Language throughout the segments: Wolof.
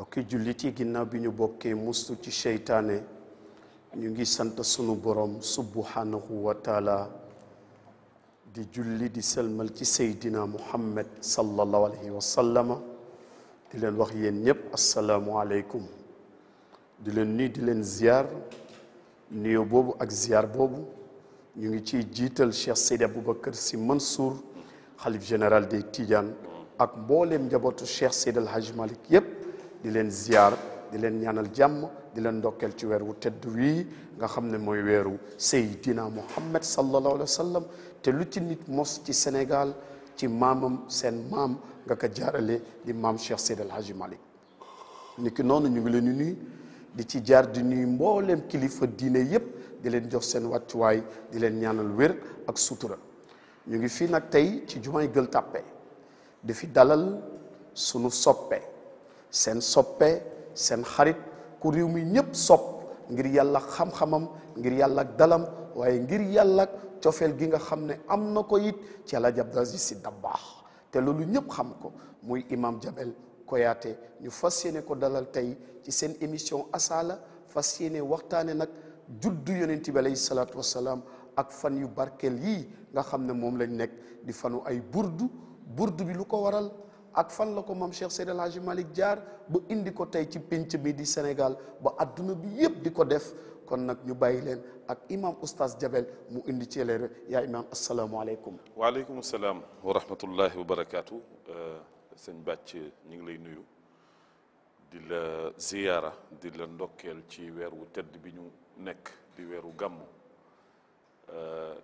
bokki jullit ci ginnaaw bi ñu bokkee mustu ci seytaane ñu ngi sant sunu borom subhanahu wa taala di julli di selmal ci seydina muhammad sallallahu alayhi wa sallama di leen wax yéen ñëpp asalaamualeykum di leen nuyu di leen ziar nuyo boobu ak ziar boobu ñu ngi ciy jiital cheikh seydi aboubacar si mansour xalif général des tidiane ak mboolem njabootu cheikh seydi alhaj malik yépp di leen ziar di leen ñaanal jàmm di leen ndokkeel ci weer wu tedd wii nga xam ne mooy weeru Seydina Muhammad sallallahu alayhi wa sallam te lu ci nit mos ci senegaal ci maamam seen maam nga ko jaarale di maam Cheikh Seydi El Hadji Malick niki noonu ñu ngi leen di nuyu di ci jaar di nuyu mbooleem kilifa diine yépp di leen jox seen wàccuwaay di leen ñaanal wér ak sutura ñu ngi fii nag tey ci jumaay Gueule Tapée di fi dalal sunu soppe seen soppe seen xarit ku réew mi ñëpp sopp ngir yàlla xam-xamam ngir yàlla ak dalam waaye ngir yàlla cofeel gi nga xam ne am na ko yit ci El Hadj Abdou Aziz Sy Dabakh te loolu ñëpp xam ko muy imam Jabel Koyaate ñu fas yéene ko dalal tey ci seen émission Asala fas yéene waxtaane nag juddu yonent bi alayhi ak fan yu barkeel yii nga xam ne moom lañ nekk di fanu ay burdu burdu bi lu ko waral ak fan la ko maam Cheikh Seydi El Hadji jaar ba indi ko tey ci pénc bi di Sénégal ba adduna bi yëpp di ko def kon nag ñu bàyyi leen ak imam oustaz Jabel mu indi ci leer yaa imam asalaamualeykum. waaleykum salaam wa rahmatullahi wa barakaatu. Euh, seen Bàcc ñu ngi lay nuyu di la ziyaara di la ndokkeel ci weer tëdd bi ñu nekk di weeru gàmmu euh,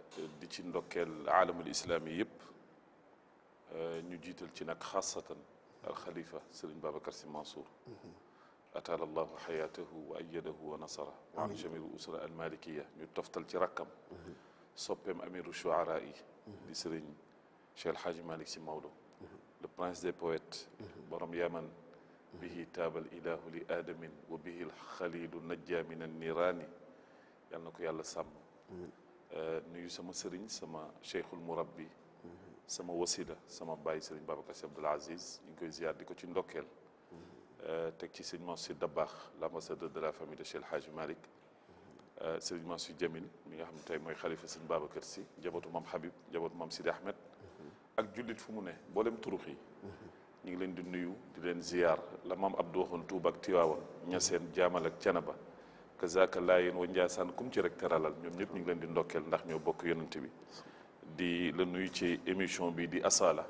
di ci ndokkeel aalamul islaami yëpp. Euh, ñu jiital ci nag xaasatan alxalifa sëriñ Babacar Sy Mansour mm-hmm. ataala allahu xayaatahu wa ayadahu wa nasara wa an jamiru usra almalikiya ñu toftal ci rakkam mm-hmm. soppeem amiru shuara yi mm-hmm. di sëriñ Cheikh El Hadji Malick Sy Maodo le prince des poètes borom yaman bihi taabal ilahu li aadamin wa bihi lxalilu najja min anniraani yal na ko yàlla sàmm euh, nuyu sama sëriñ sama cheikhul murabbi sama wasila sama bàyyi sëriñ Babacar Sy Abdoul Aziz ñu ngi koy ziar di ko ci ndokkeel euh, teg ci sëriñ Mansour Dabakh l'ambassadeur de la famille de Cheikh El Hadj Malick euh, sëriñ Mansour Jamil mi nga xam ne tey mooy xalifa sëriñ Babacar Sy njabootu maam Habib njabootu maam Sidi Ahmed ak jullit fu mu ne mboolem turux yi ñu ngi leen di nuyu di leen ziar la maam Abdou waxoon Touba ak Tiwaawan Ñaseen Jaamal ak Canaba kazaka Laayeen wa Njaasaan kum ci rek teralal ñoom ñëpp ñu ngi leen di ndokkeel ndax ñoo bokk yonent bi di la nuyu ci émission bi di Asala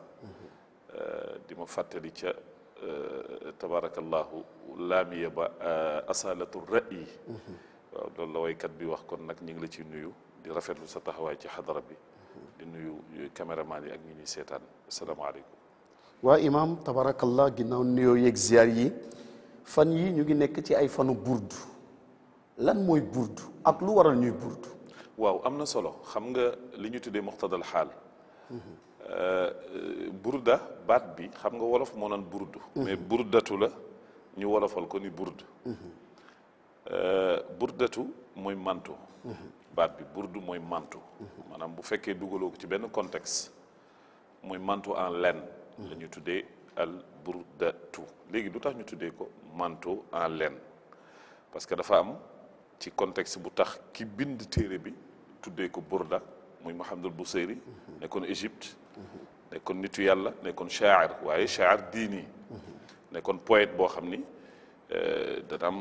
euh, di ma fàttali ca euh, tabarakallahu laamiya ba euh, asalatu ra'yi waaw loolu la bi wax kon nag ñu ngi la ci nuyu di rafetlu sa taxawaay ci xadara bi di nuyu caméraman yi ak ñu ñuy seetaan asalaamaaleykum waa imaam tabarakallah ginnaaw nuyoo yeeg ziar yi fan yi ñu ngi nekk ci ay fanu burdu lan mooy burdu ak lu waral ñuy burdu waaw am na solo xam nga li ñu tuddee muxtadal xaal euh, euh, burda baat bi xam nga wolof moo naan burdu mais burdatu la ñu wolofal ko ni burdu euh, burdatu mooy manto baat bi burdu mooy mantu maanaam bu fekkee dugaloo ko ci benn contexte mooy manto en laine la ñu tuddee al burdatu léegi lu tax ñu tuddee ko manto en laine parce que dafa am ci contexte bu tax ki bind téere bi tuddee ko Burda muy Mouhamadul Buseyri nekkoon Égypte nekkoon nitu yàlla nekkoon shaacir waaye shaacir diini kon poète boo xam ni euh, dana am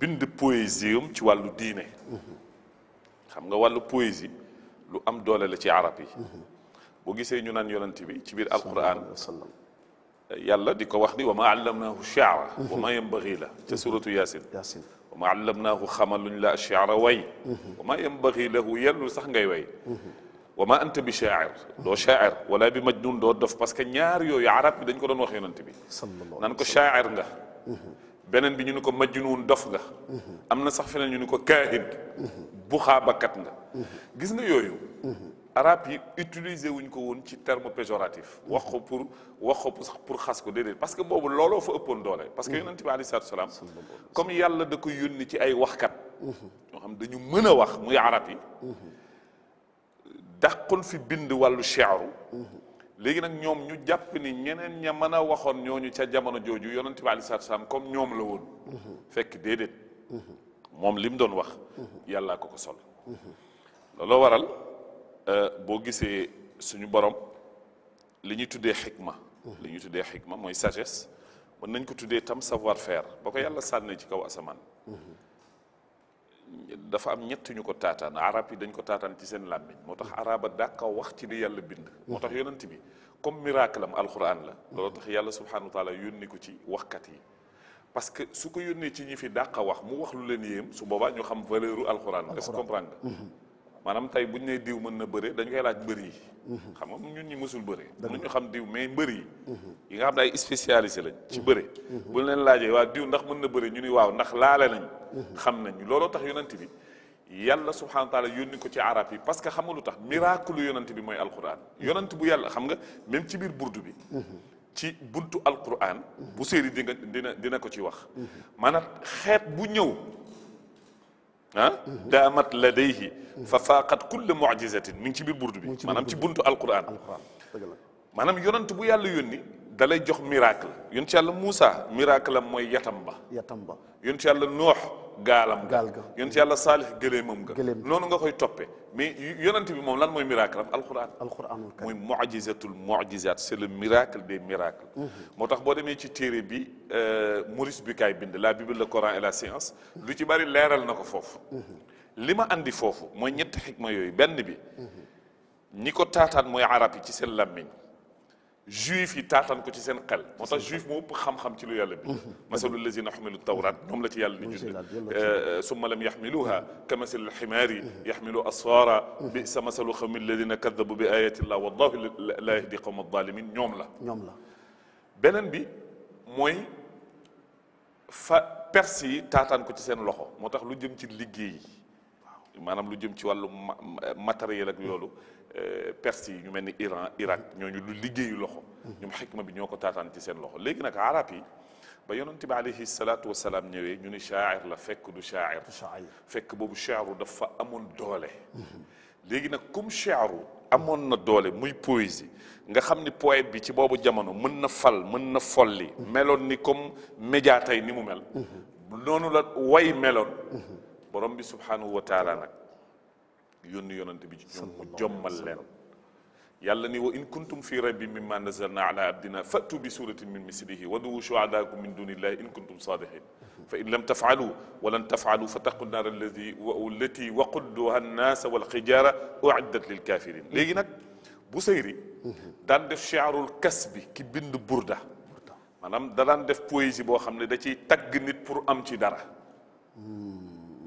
bind poésie am ci wàllu diine xam nga wàllu poésie lu am doole la ci arab yi mm-hmm. boo gisee ñu naan yonent bi ci biir alquran yàlla di ko wax ni wa ma allamnaahu shi'ra mhm. wa ma yanbaghi la ca suratu yaasin wa ma allamnaahu xamaluñ la shi'ra way mhm. wa ma yanbaghi lahu yellu sax ngay way mhm. wa ma anta bi sha'ir doo sha'ir wala bi majnun doo dof parce que ñaar yooyu arab bi dañ ko doon wax yonent bi nan ko sha'ir nga beneen bi ñu ni ko majnun dof nga am na sax feneen ñu ni ko kaahin buxaabakat nga gis nga yooyu arab yi utiliser wuñ ko woon ci terme péjoratif wax ko pour wax ko pour xas ko déedéet parce que boobu looloo fa ëppoon doole parce que yonent bi alei salatu salaam comme yàlla da ko yónni ci ay waxkat mhm. ñoo xam dañu mën a wax muy arab yi mhm. dàqoon fi bind wàllu chiaru mhm. léegi nag ñoom ñu jàpp ni ñeneen ña mën a waxoon ñooñu ca jamono jooju yonent bi alei salatu salaam comme ñoom la woon fekk déedéet moom li mu doon wax yàllaa ko ko sol looloo waral Euh, boo gisee suñu borom li ñuy tuddee xikma li ñuy tuddee xikma mooy sages mën nañ ko tuddee tam savoir fair boo ko yàlla sànnee ci kaw asamaan dafa am ñett ñu ko taataan arab yi dañ ko taataan ci seen làmmiñ moo tax araba dàqa wax ci li yàlla bind moo tax yonent bi comme miracle am alquran la loolu tax yàlla subhanahu wa taala ko ci waxkat yi parce que su ko yónnee ci ñi fi dàqa wax mu wax lu leen yéem su boobaa ñu xam valeur u alquran est-ce maanaam tey bu ñu nee diw mën na bëre dañu koy laaj mbër yi mhm. xam nga ñun ñi mësul bëre mënuñu xam diw mais mbër mhm. xam ne ay spécialisé lañ ci mhm. bëre bu ñu leen laajee waa diw ndax mën na bëre ñu ni waaw ndax laale nañ xam nañ looloo tax yonent bi yàlla subhanahu wa taala yónni ko ci arab yi parce que xam nga lu tax miracle yonent bi mooy alquran yonent bu yàlla xam nga même ci biir burdu bi ci buntu alquran bu séeri di nga dina dina ko ci wax maanaam xeet bu ñëw ah daamat ladayhi fa faaqat kulle mujizatin mi ngi ci biir burdu bi maanaam ci buntu alquran maanaam yonant bu yàlla yónni dalay jox miracle yun ci yàlla Moussa miracle am mooy yatam ba yatam ba yun ci yàlla noox gaalam gaal ga yun ci yàlla saalix gëléemam ga noonu nga koy toppee mais yonent bi moom lan mooy miracle am alquran alquranul mooy mujizatul mujizat c' est le miracle des moo tax boo demee ci téere bi euh, Maurice Bucaille bind la Bible le Coran et la science lu ci bari leeral na ko foofu li ma indi foofu mooy ñetti xikma yooyu benn bi ñi ko taataan mooy arab yi ci seen làmmiñ juif yi taataan ko ci seen xel moo tax juif moo ëpp xam-xam ci lu yàlla bi mhm. masalu lazina xamilu tawrat ñoom la ci yàlla di jund euh, summa lam yaxmiluha ka masali lximaari mhm. yaxmilu asfara mhm. bisa masalu xawmi alladina kadabu bi ayatillah wallahu la yahdi qawm alzalimin ñoom la ñoom la beneen bi mooy fa perse yi taataan ko ci seen loxo moo tax lu jëm ci liggéey yi maanaam lu jëm ci wàllu matériel ak loolu euh, perse yi ñu mel ni Iran Irak ñooñu lu liggéeyu loxo mm-hmm. ñoom xikma bi ñoo ko taataan ci seen loxo léegi nag arab yi ba yonent bi alayhi salaatu wasalaam ñëwee ñu ni shaair la fekk du shaair fekk boobu shaaru dafa amoon doole mm-hmm. léegi nag comme shaaru amoon na doole muy poésie nga xam ni poète bi ci boobu jamono mën na fal mën na folli mm-hmm. meloon ni comme média tey ni mu mel noonu la way meloon borom bi subhanahu wa taala nag yónni yonante bi ci ñoom mu jommal leen yàlla ni wa in kuntum fi raybin mimma nazalna ala abdina fatu bi suratin min mislihi wadu shuhadakum min dunillahi in kuntum sadiqin fa in lam tafaalu walan tafaalu fa taqu naar alladi allati waqudduha annaasa walxijara uiddat lilkafirin léegi nag bu seyri daan def chiarul kas bi ki bind burda maanaam da daan def poésie boo xam ne da ciy tagg nit pour am ci dara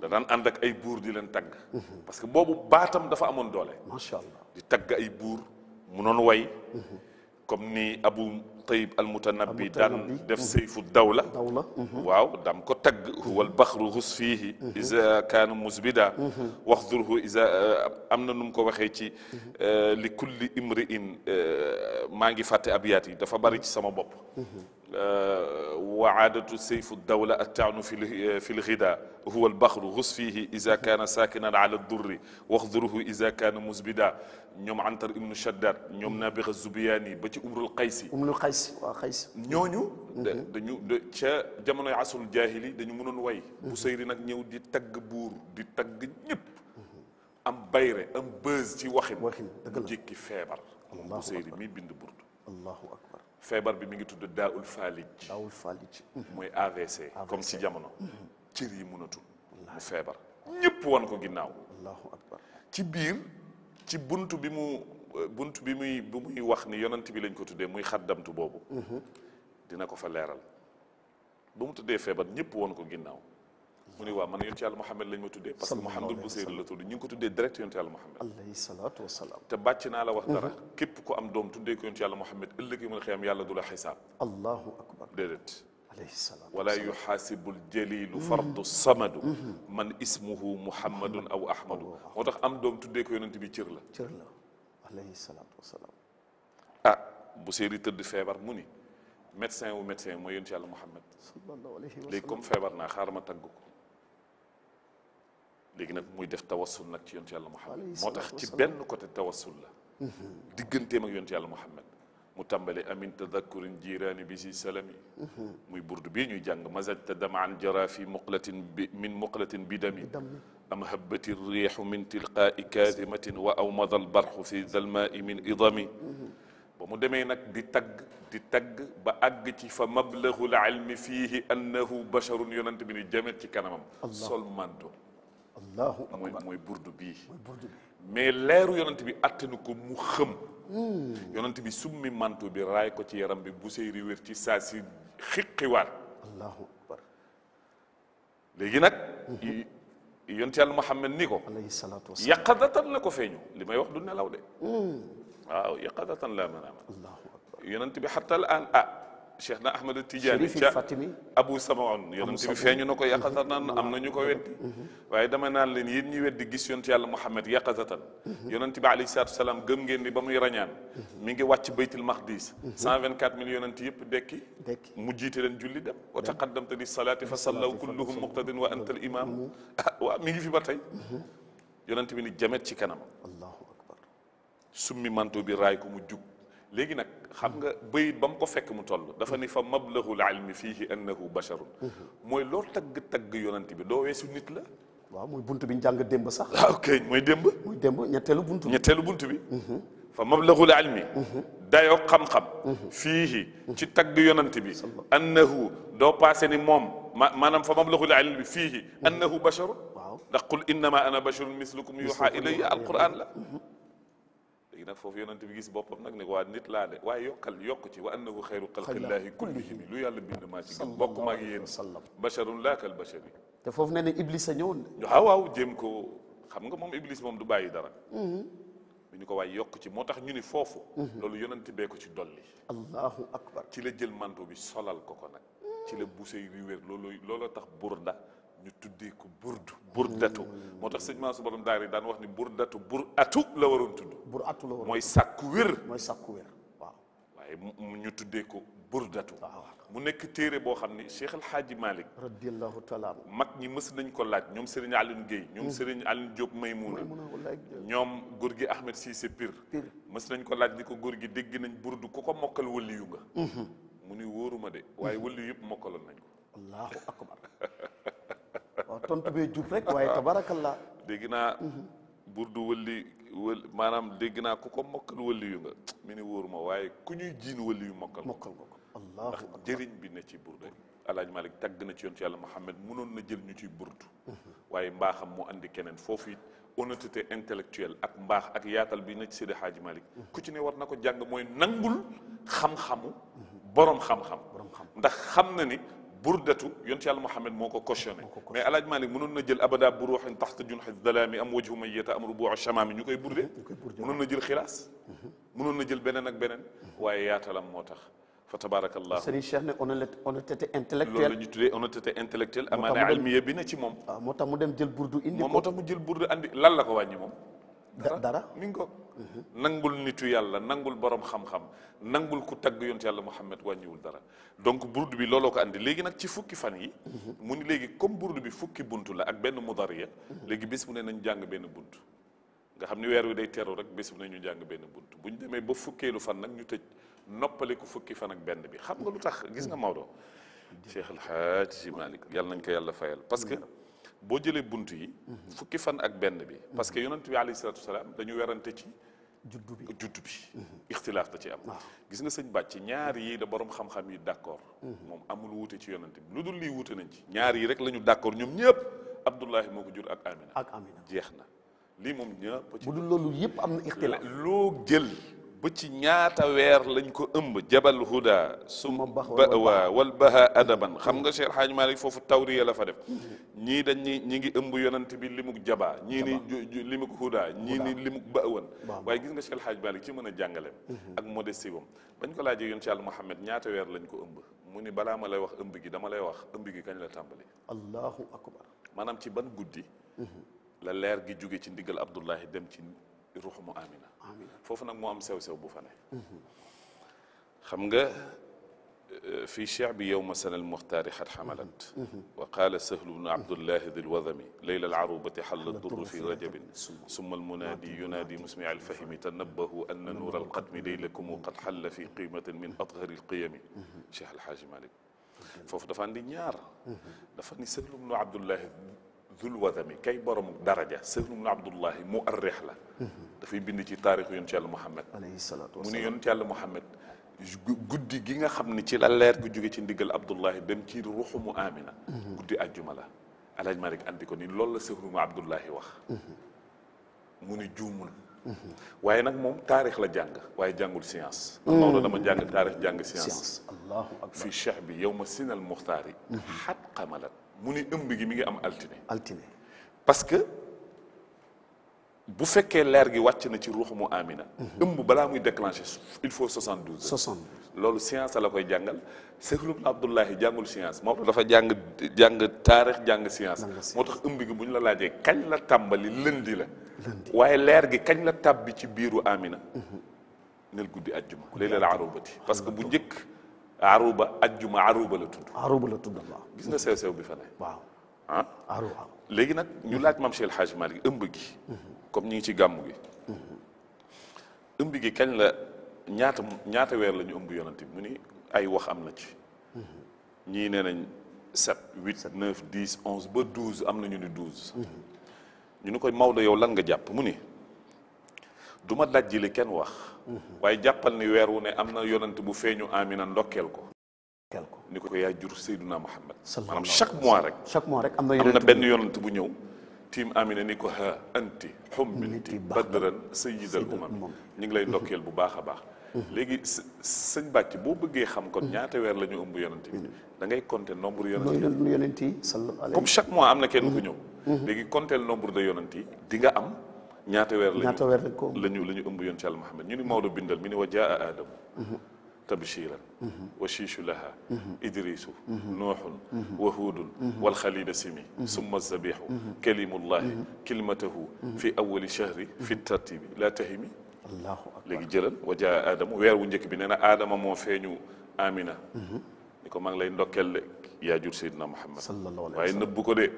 da daan ànd ak ay buur di leen tagg. parce que boobu baatam dafa amoon doole. macha di tagg ay buur mu noon way. comme ni Abu Tayyib al Mutanabbi daan def mhm. sayfu dawla. dawla mhm. waaw dam ko tagg. wal baxru hus fiihi. Mhm. isa kaana musbida. wax durhu isa eh, am na nu mu ko waxee ci. Eh, li kulli imri'in eh, maa ngi fàtte abiyaat yi dafa bari ci sama bopp. waadatu sayfu dawla attaanu fi fi lxida huwa albaxru xus fihi ida kaana saakinan ala durri waxduruhu ida kaana musbida ñoom antar ibnu shaddad ñoom mm-hmm. nabixa zubiyaani ba ci umrul qaysi umrul qaysi waaw qaysi ñooñu mm-hmm. dañu ca jamonoy asul jaahili dañu mënoon way mm-hmm. bu seyri nag ñëw di tagg buur di tagg ñëpp am bayre am bës ci waxin waxin dëgg la jikki feebar bu seyri mi bind burdu allahu akbar feebar bi mi ngi tudd daawul faalij. daawul faalij. Mhm. mooy AVC. comme si jamono. Mhm. cër yi mënatul. mu feebar ñëpp wan ko ginnaaw. allahu ci biir ci bunt bi mu bunt bi muy bi wax ni yonent bi lañ ko tuddee muy xaddamtu boobu. Mhm. dina ko fa leeral. ba mu tuddee feebar ñëpp won ko ginnaaw. mu ne waaw man yonent yàlla Muhammad lañ ma tuddee parce que Muhammadul Busayri la tudd ñu ngi ko tuddee direct yonent yàlla Muhammad alayhi salaatu wasalaam te bàcc naa la wax dara mhm. képp ku am doom tuddee ko yonent yàlla Muhammad ëllëg yi mën xëyam yàlla du la xisaab allahu akbar déedéet alayhi salaam wala yuxaasibul jalilu mhm. fardu samadu mhm. man ismuhu muhammadun aw ahmadu moo tax am doom tuddee ko yonent bi cër la cër la alayhi salaatu wasalaam ah Busayri tëdd feebar mu ni médecin wu médecin mooy yonent yàlla Muhammad léegi comme feebar naa xaar ma tagg ko léegi nag muy def tawassul nag ci yontu yàlla Muhammad moo tax ci benn côté tawassul la mm-hmm. digganteem ak yontu yàlla Muhammad mu tàmbale amin tadakkurin jiiraani bi si salami mm-hmm. muy burdu bii ñuy jàng mazajta dama an jara fi muqlatin bi min muqlatin bi dami am habbati riixu min tilqaai kaadimatin wa awmada albarxu fi zalmaai min idami mm-hmm. ba mu demee nag di tagg di tagg ba àgg ci fa mablagu l ilmi fiihi annahu basharun yonent bi ni jamet ci kanamam sol manto allahu akbar mooy mooy burdu bii. mooy mais leeru yonent bi attanu ko mu xëm. Hmm. yonent bi summi mantu bi raay ko ci yaram bi bu sey riwér ci saa si xiqiwaat. allahu akbar léegi nag. Hmm. yonent yàlla Muhammad ni ko. alayhi salaatu wa salaam la ko feeñu li may wax du nelaw de. Hmm. waaw yaqadatan laa mën a bi xatal an ah. cheikh na ahmada tidiane ca abou samaon yonent bi feeñu na ko mhm. yaqazatan am na ñu ko weddi mhm. waaye dama naan leen yéen ñuy weddi gis yonent yàlla mouhammad yaqazatan mhm. yonent bi alayhi salatu wasalaam gëm ngeen ni ba muy rañaan mi ngi wàcc baytul maqdis cent vingt quatre mille yonent yëpp dekki mu jiite leen julli dem wa taqaddamta li salaati fa sallaw kulluhum muqtadin wa anta al imam waaw ngi fi ba tey yonent bi ni jamet ci kanam allahu akbar summi manto bi raay ko mu jug léegi nag xam nga bayit ba ko fekk mu toll dafa ni fa mablahul ilmi fiihi annahu basharun mooy loo tagg-tagg yonent bi doo weesu nit la waaw mooy bunt bi ñu jàng démb sax waaw ah, kay mooy démb muy démb ñetteelu bunt bi ñetteelu bunt bi mhm. fa mablagul ilmi mhm. dayoo xam-xam mhm. fiihi ci tagg yonent bi annahu doo passé ni moom ma maanaam fa mablagul ilmi fiihi annahu basharun ndax qul innama ana basharun mislukum yuha ilayya alquran la léegi nag foofu yonent bi gis boppam nag ne waa nit laa de waaye yokkal yokk ci wa annahu xayru xalqillaahi kullihim lu yàlla bind maa ci gën bokk maag yéen basharun laa kal bashari te foofu nee na Iblis a ñëwoon waaw waaw jéem ko xam nga moom Iblis moom du bàyyi dara bu mm-hmm. ñu ko waay yokk ci moo tax ñu ni foofu mm-hmm. loolu yonent bee ko ci dolli allahu akbar ci la jël manto bi solal ko ko nag ci la buse wi wér loolu looloo tax burda ñu tuddee ko burdu burdatu mm. moo tax sëñ Mansour borom daari daan wax ni burdatu bur atu la waroon tudd bur atu la mooy sàkku wér mooy sàkku wér waaye ñu tuddee ko burdatu mu nekk téere boo xam ni Cheikh El Hadji Malick radiallahu taala anu mag ñi mës nañ ko laaj ñoom Serigne Alioune Guèye ñoom mm. Serigne Alioune Diop Maymouna ñoom góor gi Ahmed Cissé Pire mës nañ ko laaj ni ko góor gi dégg nañ burdu ku ko mokkal waliyu nga mm-hmm. mu ni wóoruma de waaye waliyu yëpp mokkaloon nañ ko waaw tontu bee jub rek waaye tabarakallah dégg naa burdu wëlli wël maanaam dégg naa ko ko mokkal wëlli yu nga mi ni ma waaye ku ñuy jiin wëlli yu mokkal mokkal nga ko allah ndax jëriñ bi ne ci burdu alaaj malik tagg na ci yoon ci yàlla Muhammad mënoon na jël ñu ciy burdu mhm. waaye mbaaxam mu andi keneen foofu it honnêteté intellectuelle ak mbaax ak yaatal bi na ci Seydi Hadji Malick mhm. ku ci ne war na ko jàng mooy nangul xam-xamu mhm. borom xam-xam ndax xam na ni burdatu yonti yàlla Muhammad moo ko cautionné mais alaaj Malik mënoon na jël abada buruuxin taxta junxi dalaami am wajhu mayyata am rubu shamaami ñu koy burde mënoon na jël xilaas mhm. mënoon na jël beneen ak beneen mhm. waaye yaatalam moo tax fa tabarakallah Serigne Cheikh ne honnêteté intellectuelle loolu la amaana almiya bi ci moom moo tax mu dem jël burdu indi moo tax mu jël burdu andi lan la ko wàññi moom dara mi ngi ko mhm. nangul nitu yàlla nangul borom xam-xam nangul ku tagg yont yàlla Muhammad wàññiwul dara donc burdu bi looloo ko andi léegi nag ci fukki fan yi mhm. mu ni léegi comme burdu bi fukki bunt la ak benn mudariya mhm. léegi bis bu ne nañ jàng benn bunt nga xam ni weer wi day teru rek bis bu ne ñu jàng benn bunt bu ñu demee ba fukkeelu fan nag ñu tëj noppale noppaliku fukki fan ak benn bi xam nga lu tax gis nga Maodo Cheikh El Hadji Malick yàlla nañ ko yàlla fayal parce que boo jëlee bunt yi mhm. fukki fan ak benn bi parce que mhm. yonent bi alayhi salaatu wasalaam dañu werante ci juddu bi juddu bi mhm. ixtilaaf da ci am gis nga sëñ bàcc ñaar yi da borom xam-xam yi d'accord moom amul wute ci yonent bi lu dul lii wuute nañ ci ñaar yi rek la ñu d'accord ñoom ñëpp Abdullahi moo ko jur ak Amina ak Amina jeex na lii moom ñëpp bu dul loolu yëpp am na ixtilaaf loo jël bu ci ñaata weer lañ ko ëmb jabal huda suma bawa wal baha adaban xam nga Cheikh Hadj Malick foofu tawriya la fa def mm-hmm. ñii dañ ñi ñi ngi ëmb yonent bi limuk jaba ñii ni limuk huda ñii ni limuk bawan waaye gis nga Cheikh Hadj Malick ci mën a jàngaleem mm-hmm. ak modestie bam bañ ko laajee yoon ci yàlla Muhammad ñaata weer lañ ko ëmb mu ni balaa ma lay wax ëmb gi dama lay wax ëmb gi kañ la tàmbali allahu akbar maanaam ci ban guddi mm-hmm. la leer gi jóge ci ndigal Abdullahi dem ci ruux mu amina foofu nag moo am sew-sew bu fa ne mhm. xam nga euh, fi chaabi yow ma sana almuxtaari xat xamalat mhm. Mhm. wa qaala sahlu bnu abdullahi di lwadami layla alarubati xalla durru fi rajabin summa almunaadi yunaadi musmic alfahimi tanabbahu anna nuura alqadmi laylakumu qad xalla fi qimatin min athari alqiyami cheikh alxaaji malik foofu dafa andi ñaar dafa ni sahlu bnu abdullahi zul watami kay borom daraja sëhnum abdullahi mu arrix la mhm. dafay bind ci taarixu yonent yàlla muhammad alayhi salaatu mu ne yonent yàlla muhammad guddi gi nga xam ne ci la leer gu jóge ci ndigal abdullahi dem ci ruxu mu amina mhm. guddi àjjuma la alhaaj malik andi ko ni loolu la sëhnum abdullahi wax mhm. mu ne juumul waaye nag moom taarix la jàng waaye jàngul science Maodo mm. dama jàng taarix jàng science allahu akbar fi cheikh bi yow ma sinal muxtaari xat xamalat mu ni ëmb gi mi ngi am altine. altine parce que bu fekkee leer gi wàcc na ci ruux mu amina. Mhm. ëmb balaa muy déclenché il faut 72. 72 loolu science la koy jàngal Seydou Abdoulahi jàngul science moo tax dafa jàng jàng taarix jàng science. moo tax ëmb gi bu ñu la laajee kañ la tàmbali lëndi la. waaye leer gi kañ la tàbbi ci biiru amina. Mhm. nel guddi àjjuma léeg-léeg la arobati parce que bu njëkk. aruba ajjuma aruba la tudd. aruba la tudd waaw. gis nga sew sew bi fa ne. waaw ah. léegi nag ñu laaj maam Cheikh El Hadj ëmb gi. Mhm. comme ñu ngi ci gàmm gi. Mhm. ëmb gi kañ la ñaata ñaata weer lañu ñu ëmb yonent bi mu ni ay wax am na ci. Mhm. ñii nee nañ sept huit neuf dix onze ba douze am na ñu ni douze. ñu ni koy Maodo yow lan nga jàpp mu ni duma ma li kenn wax. waaye jàppal ni weer wu ne am na yonent bu feeñu amina ndokkeel ko ni ko yaa jur Seyduna Muhammad maanaam chaque mois rek chaque mois rek am na benn yonent bu ñëw tiim amina ni ko ha anti xummilti badran sayyidal umam ñi ngi lay ndokkeel bu baax a baax mm-hmm. léegi sëñ bàcc boo bëggee xam kon mm-hmm. ñaata weer la ñu ëmb yonent bi mm-hmm. da ngay conte nombre yonent yi comme chaque mois am na kenn ku ñëw léegi compter nombre de yonent yi di nga am ñaata weer lañu ñaata weer lañu lañu ëmb yoon ci al Muhammad ñu ni Maodo bindal mi ni wa jaa Adamu. Mhm. tabshiran mhm. wa shiishu laha mhm. idrisu nuuxun wa huudun walxalida simi summa zabixu kalimullahi kilmatahu fi awali chahri fi tartibi laa tahimi allahu akbar léegi jëlal wa jaa weer wu njëkk bi nee na aadama moo feeñu amina ni ko maa ngi lay ndokkel de yaa jur seydina Muhammad waaye nëbbu de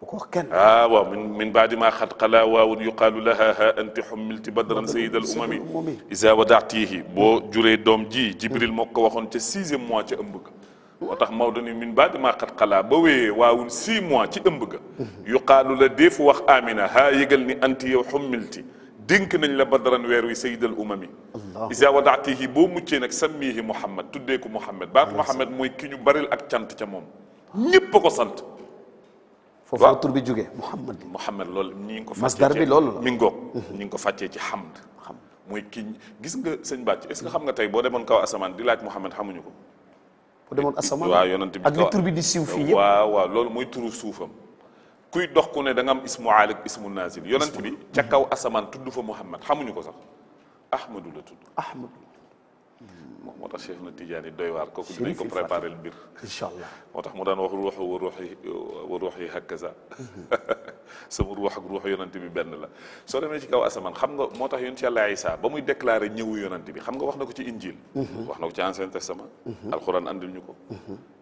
bu ko wax kenn. ah waaw min min baadi maa xat xalaa waawun yuqaalu laha ha anti xummilti badran sayid al umami isa wadaatihi boo juree doom ji jibril moo ko waxoon ca sixième mois ca ëmb ga moo tax Maodo ni min baadi maa xat xalaa ba wéyee waawun six mois ci ëmb ga yuqaalu la deefu wax amina haa yëgal ni anti yow xummilti dénk nañ la badran weer wi sayid al umami isa wadaatihi boo muccee nag sammihi muhammad tuddee ko muhammad baatu muhammad mooy ki ñu baril ak cant ca moom ñépp a ko sant foofu tur bi jógee Muhammad Muhammad loolu ñi ngi ko masdar bi loolu la mi ngoog ñi ngi ko fàccee ci xamd mooy kii gis nga sëñ bàcc est ce que xam nga tey boo demoon kaw asamaan di laaj Muhammad xamuñu ko boo demoon asamaan waaw yonent bi ak li tur bi di siiw fii yëpp waaw waaw loolu mooy turu suufam kuy dox ku ne da nga am ismu aalik ismu nazil yonent bi ca kaw asamaan tudd fa Muhammad xamuñu ko sax ahmadu la tudd ahmadu moo tax Cheikh na Tidiane yi doy waar kooku dinañ ko préparé le mbir moo tax mu daan wax ruuxu wa ruux yi wa ruux yi hakaza mm-hmm. sama ruux ak ruux yonante bi benn la soo demee ci kaw asamaan xam nga moo tax yonent yàlla Isaa ba muy déclaré ñëwu yonante bi xam nga wax na ko ci injil mm-hmm. wax na ko ci ancien testament mm-hmm. alxuraan andil ñu ko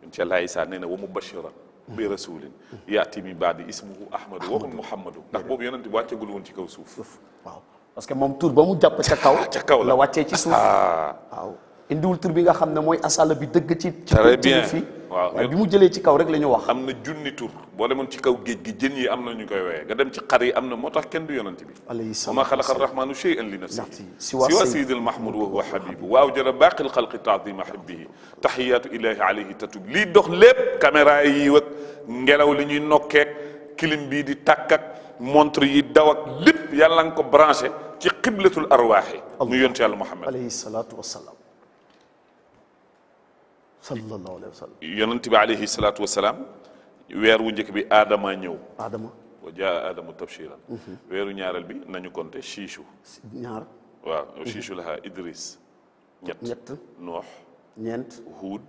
yonent yàlla Isaa nee na wa mubashiran bi rasulin yaati min baadi ismuhu ahmadu wa huwa muhammadu ndax boobu yonante bi wàccagul woon ci kaw suuf waaw parce que moom tur ba mu jàpp ca kaw. ca kaw la wàccee ci suuf. Ah. waaw indiwul tur bi nga xam ne mooy asala bi dëgg ci. très bien ci waaw bi mu jëlee ci kaw rek la ñu wax. am na junni tur boo demoon ci kaw géej gi jën yi am na ñu koy wooyee nga dem ci xar yi am na moo tax kenn du yonent bi. alayhi salaam wa ma xalaqa rahmaanu shay'an li nafsihi siwa sayyidil mahmud wa huwa habibu waaw jara baaqil xalqi taadima hibbihi tahiyaatu ilahi alayhi tatub lii dox lépp caméra yi wëkk ngelaw li ñuy nokkeek kilim bii di tàkkak montre yi daw ak lépp yàlla nga ko branché ci xiblatul arwaax yi mu yontu yàlla Muhammad alayhi salaatu wasalaam sallallahu alayhi wa sallam yonent bi alayhi salaatu wasalaam weer wu njëkk bi aadama ñëw aadama wa jaa aadamu tabshiran mhm. weeru ñaareel bi nañu compté chiichu ñaar waaw mhm. chiichu laha idris ñett ñett noox ñeent huud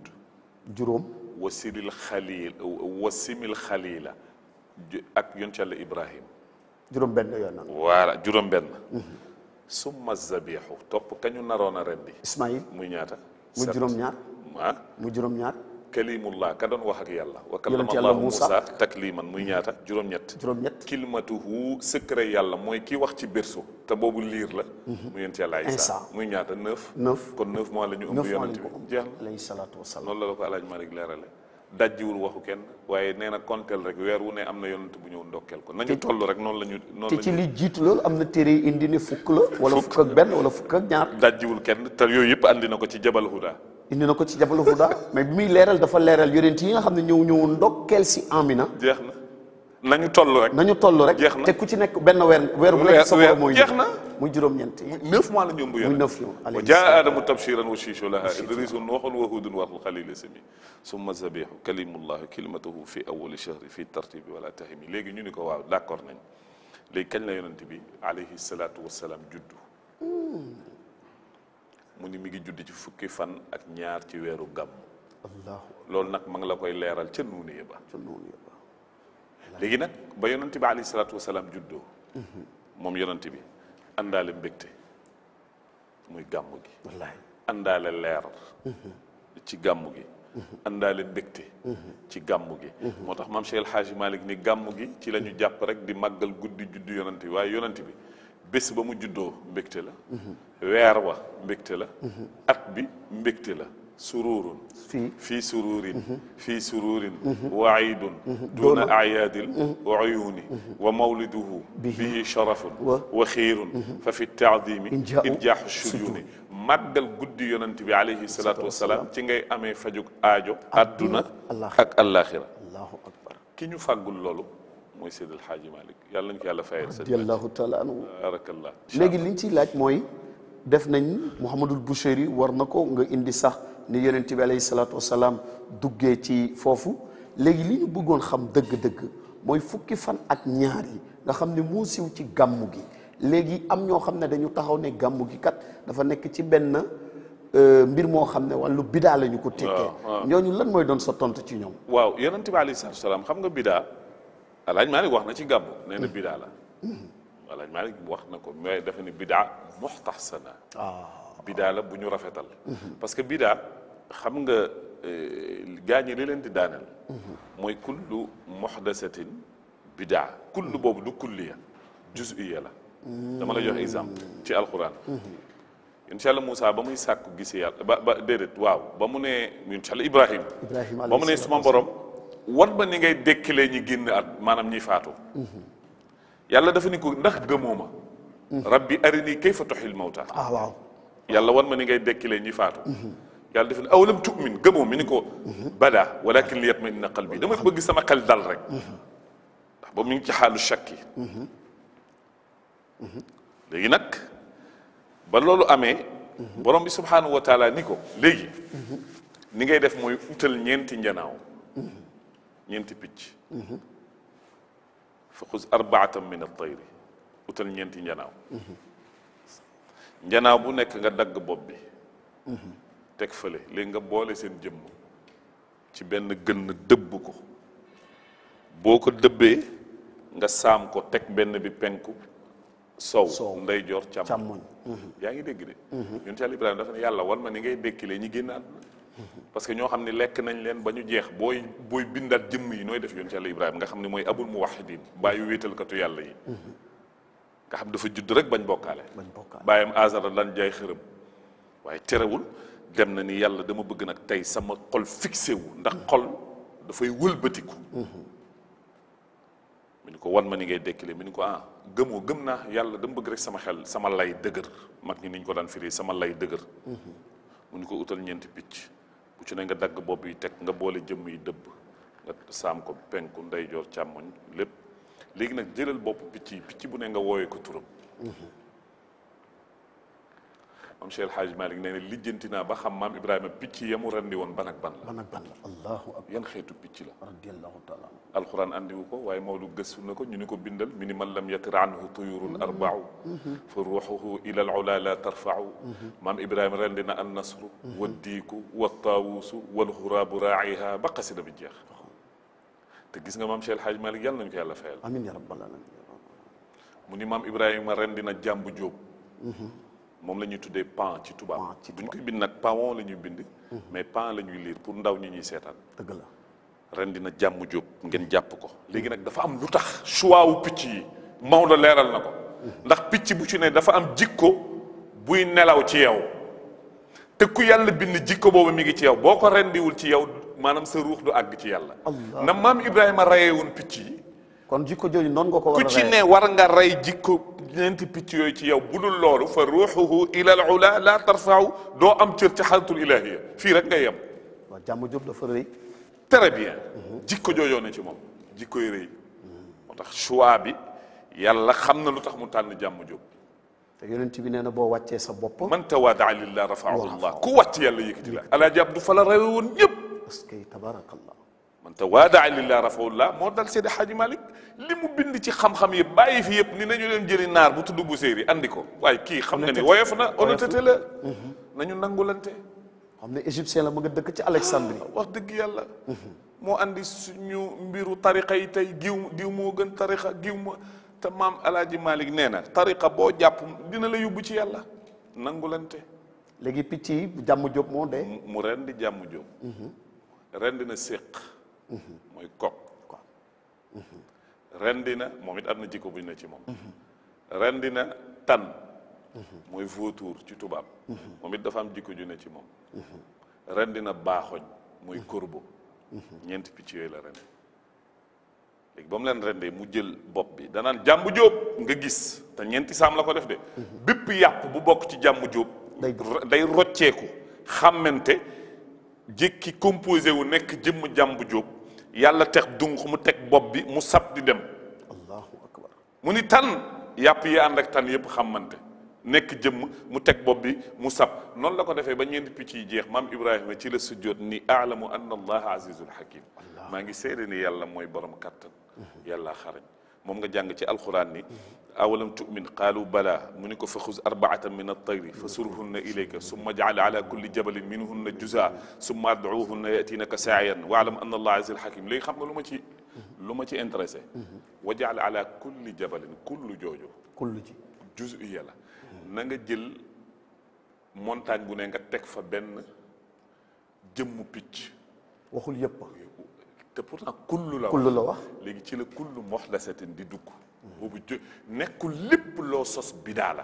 juróom wasilil xalil wasimil xalila ak yonent yàlla ibrahim juróom benn yoon noonu voilà juróom benn summa zabiixu topp kañu naroon a rendi ismail muy ñaata mu juróom ñaar ah mu juróom ñaar kalimullah ka doon wax ak yàlla wa kallama allahu musa takliman muy ñaata juróom-ñett juróom-ñett kilmatuhu secret yàlla mooy ki wax ci birsu te boobu liir la mhm. mu yonent yàlla Isa muy ñaata neuf neuf kon neuf mois la ñu ëmb yonent la ko alaaj Malik leerale dajjiwul waxu kenn waaye nee na konteel rek weer wu ne am na yonent bu ñëw ndokkeel ko nañu toll rek noonu la ñu noonu te ci lii jiitu loolu am na téere indi ne fukk la wala fukk ak benn wala fukk ak ñaar dajjiwul kenn te yooyu yëpp andi na ko ci jabal huda indi na ko ci jabal huda mais bi muy leeral dafa leeral yonent yi nga xam ne ñëw ñëw ndokkeel si amina jeex na nañu toll rek nañu toll rek jeex na te ku ci nekk benn weer weer bu nekk sa mooy jeex na mu juróom-ñeent yi. neuf mois la ñu ëmb yonent muy neuf yow. aleyhi salaam wa jaa aadamu tabshiran wa shiishu laha idrisun nuuxun wa huudun wa xalil sami summa zabihu kalimullahi kalimatuhu fi awwali shahri fi tartibi wala tahimi léegi ñu ni ko waaw d' accord nañ léegi kañ la yonent bi alayhi salaatu wa salaam juddu. Hmm. mi ngi judd ci fukki fan ak ñaar ci weeru gàmm. loolu nag ma ngi la koy leeral ca nuuniya ba. ca nag ba yonent bi alayhi salaatu wa salaam hmm. moom yonent bi. àndaale mbégte muy gàmm gi wallaay leer ci gàmm gi àndaale mbégte ci gàmm gi moo tax maam Cheikh El Hadji ni gàmm gi ci la jàpp rek di màggal guddi juddu yonent bi waaye yonent bi bés ba mu juddoo mbégte la mhm. weer wa mbégte la mhm. at bi mbégte la sururun fii fii sururin mhm. fii sururin mhm. Mhm. waidun duna ayaadil wa uyuuni wa mawliduhu bihi sharafun wa xiirun fa fi taadimi injaaxu sujuni màggal guddi yonent bi alayhi salaatu wasalaam ci ngay amee fajug aajo adduna ak allaaxira allahu akbar ki ñu fàggul loolu mooy Seydi El Hadji Malick yàlla nañ ko yàlla fayal radiyallahu taala anhu barakallah léegi liñ ciy laaj mooy def nañ Mouhamadul Boucheri war na ko nga indi sax ni yonent bi alayhi salaatu wasalaam duggee ci foofu léegi li ñu bëggoon xam dëgg-dëgg mooy fukki fan ak ñaar yi nga xam ne mu siw ci gàmmu gi léegi am ñoo xam ne dañu taxaw ne gàmmu gi kat dafa nekk ci benn euh, mbir moo xam ne wàllu bidaa la lañu ko tekkee ñooñu lan mooy doon sa tontu ci ñoom waaw yonent bi alayhi salaatu wasalaam xam nga bidaa maa Maalik wax na ci gàmmu nee na mm-hmm. bidaa la mm-hmm. alaaj Maalik wax na ko mais dafa ne bidaa muxtasana ah. bidaa la bu ñu rafetal mm-hmm. parce que bidaa xam nga euh, gaa ñi li leen di daaneel. mooy kullu muhdasatin bidaa kullu boobu du kulliya juzuiya la. dama la jox exemple ci alquran. incha allah Moussa ba muy sàkku gis yàlla ba ba waaw ba mu ne incha allah Ibrahima. Ibrahima ba mu ne suma borom. wan ma ni ngay dékkilee ñi génn at maanaam ñi faatu. yàlla dafa ni ko ndax gëmoo ma. Mm-hmm. rabbi arini kayfa tuxil mawta. ah waaw wan ma ni ngay dékkilee ñi faatu. yàlla def na aw lam tu'min gëmoo mi ni ko. bala walakin li yatma'inna qalbi dama bëgg sama xel dal rek. ndax boobu ngi ci xaalu shakki. léegi nag ba loolu amee. borom bi subxanahu wa taala ni ko léegi. ngay def mooy utal ñeenti njanaaw. ñeenti picc. fa xuz arbaatan min at-tayri utal ñeenti njanaaw. njanaaw bu nekk nga dagg bopp bi. teg fële léegi nga boole seen jëmm ci benn gën dëbb ko boo ko dëbbee nga saam ko teg benn bi penku sow nday joor càmmoñ yaa ngi dégg de mhm. ñun ci Ibrahima dafa ne yàlla wan ma ni ngay dékkilee ñi génn àdduna mhm. parce que ñoo xam ne lekk nañ leen ba ñu jeex booy booy bindaat jëmm yi nooy def yoon ci ibrahim nga xam ne mooy abul mu muwahidin bàyyi wéetalkatu yàlla yi mhm. nga xam dafa judd rek bañ bokkaale bañ bokkaale bàyyam azara daan jaay xërëm waaye terewul dem na ni yàlla dama bëgg nag tey sama xol fixé wu ndax xol dafay wëlbatiku mi ni ko wan ma ni ngay dékkile mi ni ko ah gëmoo gëm naa yàlla dama bëgg rek sama xel sama lay dëgër mag ñi niñ ko daan firi sama lay dëgër mu ni ko utal ñeenti picc bu ci ne nga dagg bopp yi teg nga boole jëmm yi dëbb nga saam ko penku ndeyjoor càmmoñ lépp léegi nag jëlal bopp picc yi picc bu ne nga woowee ko turam am Cheikh El Hadj Malick nee na lijjanti naa ba xam maam Ibrahima picc ya mu randi woon ban ak ban la. ban ak ban la allahu akbar yan xeetu picc la. radiyallahu taala. alxuraan andiwu ko waaye Maodo gëstu na ko ñu ni ko bindal mi ni man lam yatir anhu tuyurun arbau fa ruuxuhu ila al ula la tarfau maam Ibrahima rendi na an nasru. wa diiku wa taawusu wal xuraabu raaiha ba xasida bi jeex. te gis nga maam Cheikh El Hadj Malick yal nañu ko yàlla fayal. amiin ya rabbal alamin mu ni maam Ibrahima rendi na jàmbu jóob. moom la ñuy tuddee pan ci tubaab. pan ci bu ñu koy bind nag pawon la ñuy bind. Mhm. mais pan la ñuy liir pour ndaw ñi ñuy seetaan. dëgg la ren dina jàmm jóob ngeen jàpp ko. Mhm. léegi nag dafa am lu tax. choix wu picc yi Maodo leeral na ko. Mhm. ndax picc bu ci ne dafa am jikko buy nelaw ci yow. te ku yàlla bind jikko boobu mu ngi ci yow boo ko rendiwul ci yow maanaam sa ruux lu àgg ci yàlla. na maam Ibrahima rayee woon picc yi. kon jikko jooju noon nga ko war a ku rey jikko ñeenti picc yooyu ci yow budul loolu fa ruuxuhu ila al ula la tarfaaw doo am cër ci xalatul ilahiya fii rek nga yem. waaw jàmm jub dafa rëy. très bien. jikko joojoo ne ci moom jikko yi rëy. moo tax choix bi yàlla xam na lu tax mu tànn jàmm jub. te yonent bi nee na boo wàccee sa bopp. man tawaadaa lillah rafaahu llah ku wàcc yàlla yëkkati la. alaaji Abdou Fala rewe woon ñëpp. man tawaadaa lillah rafawullah moo dal Seydi Hadji Malick li mu bind ci xam-xam yëpp bàyyi fi yëpp ni nañu leen jëli naar bu tudd bu séeri andi ko waaye kii xam nga ni woyof na honnêteté la mhm. nañu nangulante xam ne égyptien la bëgg a dëkk ci Alexandrie ah, wax dëgg yàlla mhm. moo andi suñu mbiru tariqa yi tey giw diw moo gën tariqa giw ma te maam alaaji Malick nee na tariqa boo jàpp dina la yóbbu ci yàlla nangulante léegi picc yi jàmm jóob moo de mu rendi jàmm jóob mhm. rendi na mooy coq quoi rendi na moom it am na jikko buñ ne ci moom rendi na tan mooy vautour ci tubaab moom it dafa am jikko ju ne ci moom rendi na baaxoñ mooy corbeau ñeenti picc yooyu la rendi léegi ba mu leen rendee mu jël bopp bi danaan jàmbu jóob nga gis te ñeenti saam la ko def de bépp yàpp bu bokk ci jàmbu jóob day rocceeku xàmmante jékki composé wu nekk jëmm jàmb jóob yàlla teg dunq mu teg bopp bi mu sab di dem mu ni tan yàpp yi ànd ak tan yëpp xamante nekk jëmm mu teg bopp bi mu sab noonu la ko defee ba ñeenti picc yi jeex maam ibrahima ci la sujjoot ni aalamu anna allaha azizul hakim maa ngi seede ni yàlla mooy borom kattan mhm. yàlla xarañ moom nga jàng ci alxuraan ni awalam tu'min qaalu bala mu ni ko fa xuz arbaatan min at-tayri fa surhunna ilayka summa jaal ala kulli jabalin minhunna juza summa ad'uhunna yatinaka saayan waalam anna allah azizul hakim léegi xam nga lu ma ci lu ma ci intéressé wa jaal ala kulli jabalin kullu jooju kullu ji juzuiya la na nga jël montagne bu ne nga teg fa benn jëmmu picc waxul yëpp te pourtant kullu la wax kullu la wax léegi ci la kullu muhdasatin di dugg. boobu jo nekkul lépp loo sos bidaa la.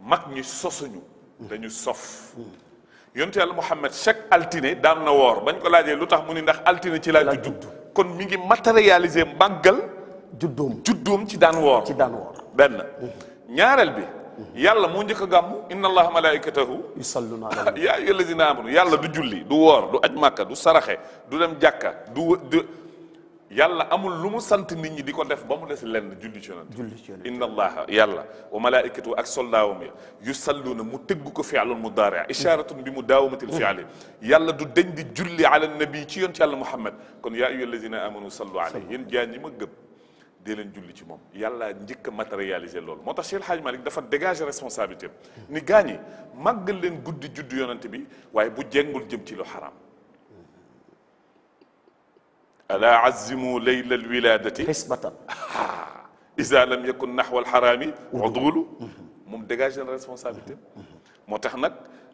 mag ñi sosuñu. Mm. dañu sof. Mm. yontu yàlla Muhammad chaque altine daan na woor bañ ko laajee lu tax mu ni ndax altine ci laa judd. kon mi ngi matérialiser màggal. juddoom juddoom ci daan woor. ci daan woor benn. Mm. ñaareel bi. yàlla moo njëkk a gàmmu inna allaha malaikatahu yusalluna ala ya ayyuha alladina amanu yàlla du julli du woor du aj màkka du saraxe du dem jàkka du du yàlla amul lu mu sant nit ñi di ko def ba mu des lenn julli ci yonent julli ci yonent inna allaha yàlla wa malaikatahu ak soldaawam ya yusalluna mu tëgg ko fi'lun mudaari' isharatun bi mudaawamatil fi'li yàlla du deñ di julli ala nabi ci yonent yàlla muhammad kon ya ayyuha alladina amanu sallu alayhi yéen jaan ñi ma gëm di leen julli ci moom yàlla njëkk a matérialiser loolu moo tax Cheikh El Hadj Malick dafa dégager responsabilité ni gaañ yi màggal leen guddi juddu yonante bi waaye bu jengul jëm ci lu xaraam alaa azimu layla alwiladati xisbatan isa lam yakun naxwa alxaraami udulu moom dégager na responsabilité moo tax nag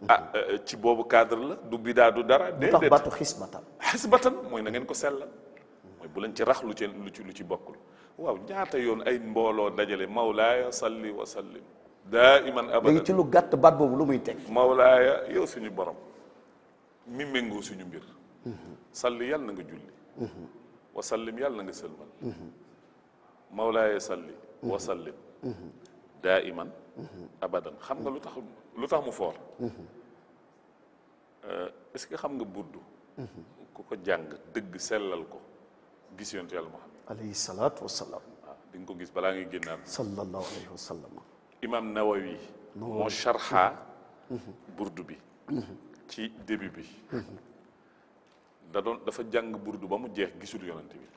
ah euh, ci boobu cadre la du bidaa du dara déedéet tax batu xisbatan xisbatan mooy na ngeen ko sellal mooy bu leen ci rax lu ci lu ci lu ci bokkul waaw ñaata yoon ay mbooloo dajale mawlaaya salli wa sallim daa iman abadan léegi ci lu gàtt bat boobu lu muy teg mawlaaya yow suñu borom mi méngoo suñu mbir salli yàlla na nga julli wa sallim yàlla na nga sëlmal mawlaaya salli wa sallim daa iman abadan xam nga lu tax tax mu foor euh, est-ce que xam nga buddu ku ko jàng dëgg sellal ko gis yontu yàlla Muhammad alayhi salaatu wa di nga ko gis balaa ngay génnaat. sallallahu alayhi wa sallam. imaam Nawawi. moo sharxa. Mhm. burdu bi. Mhm. ci début bi. Mhm. da doon dafa jàng burdu ba mu jeex gisul yonent bi.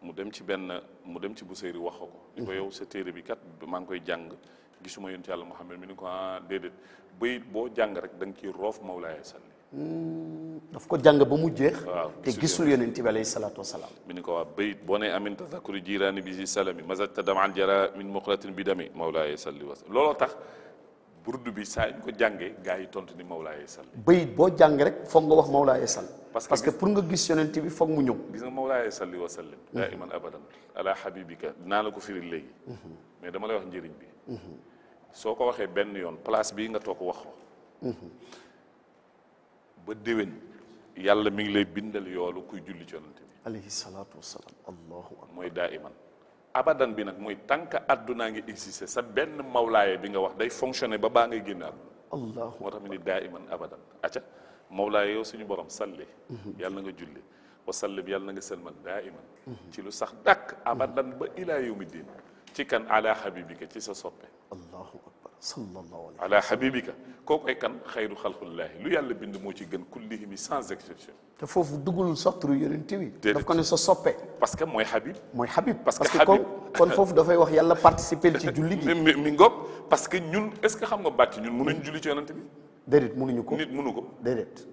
mu dem ci benn mu dem ci Busayri wax ko. ni ko yow sa téere bi kat maa ngi koy jàng gisuma yonent yàlla Muhammad mi ni ko ah déedéet bayit boo jàng rek da nga ciy roof Mawlaaya Sall. Hmm, daf ko jàng ba mu jeex. te gisul yonent bi alayhi salaatu wa salaam. mi ni ko waa bayit boo nee amin tazakuri jiiraani bi si salami mazajta damaan jara min muqratin bi dami mawlaaye salli wa tax burdu bi saa ñu ko gaa yi tontu ni mawlaaye salli. bayit boo jàng rek foog nga wax mawlaaye salli. parce que pour nga gis yonent bi foog mu ñëw. gis nga mawlaaye salli wa sallim. Hmm. daa iman abadan ala habibika naa la ko firi léegi. Hmm. mais dama lay wax njariñ bi. soo ko waxee benn yoon place bii nga toog wax ko. ba déwén yàlla mi ngi lay bindal yoolu kuy julli ci yonante bi alayhi salaatu mooy daa iman abadan bi nag mooy tànk àddunaa ngi existé sa benn mawlaaye bi nga wax day fonctionné ba baa ngay génn àdduna allah moo tax mu ni daa iman abadan acca mawlaaye yow suñu borom salli mhm. yàlla nga julli wa sallim na nga selmal daa iman mhm. ci lu sax dàkk abadan ba ilaa yawmi diin ci kan ala habibika ci sa soppe sallallahu alayhi ala habibika kooku ay kan xayru xalqullahi lu yàlla bind moo ci gën kullihimi sans exception te foofu duggul sax turu yonent bi daf ko ne sa soppe parce que mooy habib mooy habib parce que habib kon foofu dafay wax yàlla participer ci julli parce que ñun est ce que xam nga bàcc ñun mënuñ julli ci yonent bi déedéet mënuñu ko nit mënu ko déedéet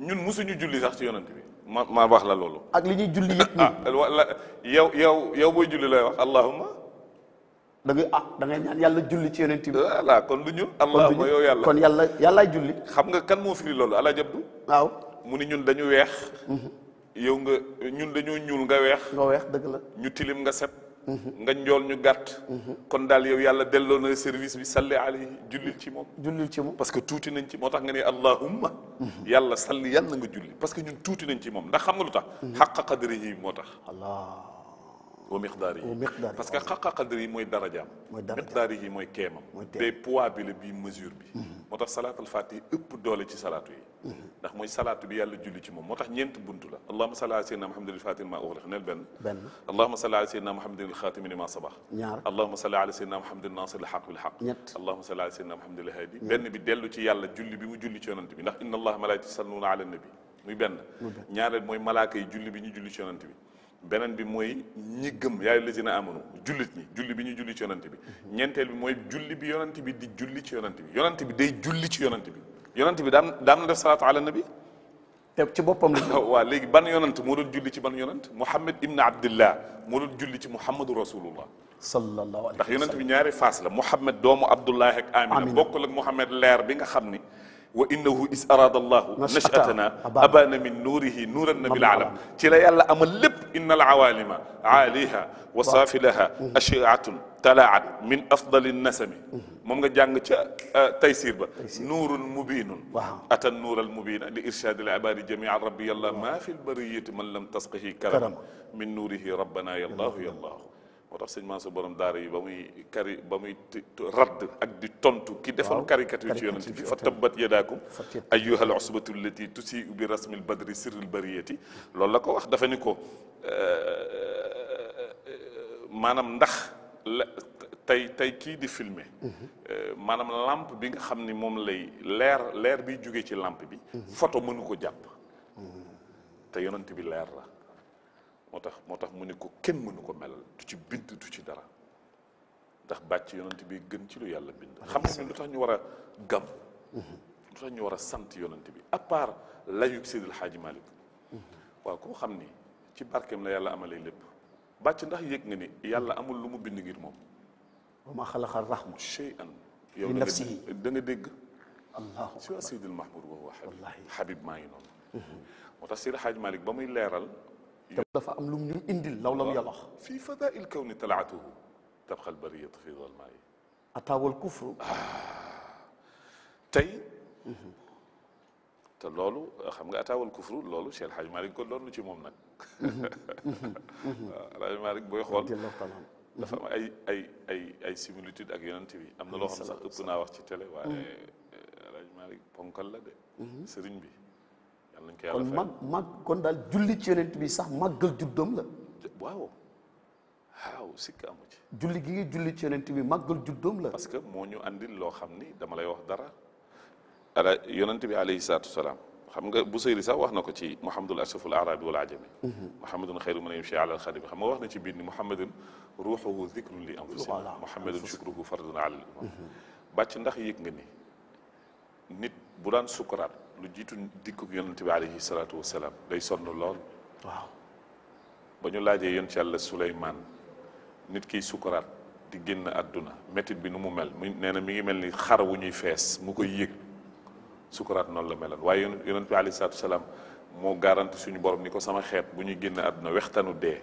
ñun musuñu julli sax ci yonent bi ma ma wax la loolu ak li ñuy julli yëpp ah yow yow yow booy julli lay wax allahumma da ngay ah, da ngay yàlla julli ci yonent bi voilà kon lu ñu allah ma yow yàlla kon yàlla yàllaay julli xam nga kan moo firi loolu ala jabdu waaw mu ni ñun dañu weex mhm. yow nga ñun dañoo ñuul nga weex nga weex dëgg la ñu tilim nga set mhm. nga njool ñu gàtt mhm. kon daal yow yàlla delloo na service bi salli alayhi jullil ci moom jullil ci parce que tuuti nañ ci moo tax nga ne allahumma yàlla salli yàlla nga julli parce que ñun tuuti nañ ci moom ndax xam nga lu tax xaqa qadrihi moo tax allah au miqdaar yi parce que xaqa qadr yi mooy darajaam miqdaar yi mooy keemam day poids bi la bii mesure bi mhm. moo tax salaatul fatihi ëpp doole ci salaatu yi mhm. ndax mooy salaatu bi yàlla julli ci moom moo tax ñeent buntu la allahuma salli ala sayyidina muhammadin al-fatih ma ughliq neel benn benn allahuma salli ala sayyidina muhammadin al-khatim lima sabax ñaar allahuma salli ala sayyidina muhammadin nasir al-haq bil haq ñett allahuma salli ala sayyidina muhammadin al-hadi benn bi dellu ci yàlla julli bi mu julli ci yonent bi ndax inna allaha malaikatahu yusalluna ala nabi muy benn ñaareel mooy malaaka yi julli bi ñu julli ci yonent bi beneen bi mooy ñi gëm yaay la si na amanu jullit ñi julli bi ñu julli ci yonante bi mhm. ñeenteel bi mooy julli bi yonante bi di julli ci yonante bi yonante bi day julli ci yonante bi yonante bi daam daam na def salaatu ala nabi te ci boppam la waaw léegi ban yonant moo doon julli ci ban yonant Muhammad ibn Abdillah moo doon julli ci Muhammadu Rasulullah sallallahu alayhi wa sallam ndax yonant bi ñaari faas la Muhammad doomu Abdullah ak Amina bokkul ak Muhammad leer bi nga xam ni wa innahu is arada allahu nachatana abana min nuurihi nuuran nabil alam ci la yàlla amal lépp inna al awalima aaliha wa saafilaha mm-hmm. ashiatun talaat min afdali nasami mm-hmm. moom nga jàng ca uh, taysir ba nuurun mubiinun ata nuur al mubiin li irshaadi al ibaadi jamian rabbi yàlla maa fi lbariyati man lam tasqihi karam min nuurihi rabbana yallahu yallahu moo tax sëñ Mansour borom daara yi ba muy kari ba muy radd ak di tontu ki defoon caricature ci yonent bi fa tabbat yadaakum ayyuhal usbatu allati tusiu bi rasmil badri sirril bariyati loolu la ko wax dafa ni euh, ndax tey tey kii di filmer mhm. maanaam lampe bi nga xam ni moom lay leer leer biy jóge ci lampe bi mhm. photo mënu ko jàpp mhm. te yonent bi leer la moo tax moo tax mu ne ko kenn mënu ko melal du ci bind du ci dara ndax bàcc yonent bi gën ci lu yàlla bind xam nga lu tax ñu war a gàmm lu tax ñu war a sant yonent bi à part layuk Seydil Hadji waaw koo xam ni ci barkeem la yàlla amalee lépp bàcc ndax yëg nga ni yàlla amul lu mu bind ngir moom wa ma xalaqa rahma shay'an yow da nga dégg allah si waa Seydil Mahmoud maa ngi noonu moo tax ba muy leeral te dafa am lum ñu indil law lam yalax fii fadail kawni talaatuhu tabqa albariyatu fi dalmaayi ataawal ah, kufru tey mhm. te loolu xam nga ataawal kufru loolu Cheikh El Hadj Malick ko doon lu ci moom nag waaw mhm. mhm. ah, El Hadj booy xool dafa am ay ay ay ay similitude ak yonent bi am na loo xam ne sax ëpp naa wax ci télé waaye El Hadj Malick ponkal la bi kon mag mag kon daal julli ci yonent bi sax màggal juddoom la. waaw waaw sikk amu ci. julli gi nga julli ci yonent bi màggal juddoom la. parce que moo ñu andil loo xam ni dama lay wax dara. ala yonent bi alayhi salaatu xam nga Busayri sax wax na ko ci Muhammadul Ashraful Arabi wal Ajami. Mhm. Muhammadun xayru man yamshi ala al-xadimi xam nga wax na ci biir ni Muhammadun ruuxuhu dikrun li anfusina. voilà Muhammadun shukruhu fardun ala al-umam mhm. bàcc ndax yëg nga ni nit bu daan sukuraat. lu jiitu dikkug yonent bi alayhi salaatu wasalaam day sonn lool waaw ba ñu laajee yonent yàlla Suleymaan nit kiy sukuraat di génn àdduna métit bi nu mu mel mu nee na mi ngi mel ni xar wu ñuy fees mu ko yëg sukuraat noonu la meloon waaye yonent bi alayhi salaatu wasalaam moo garanti suñu borom ni ko sama xeet bu ñuy génn àdduna wextanu dee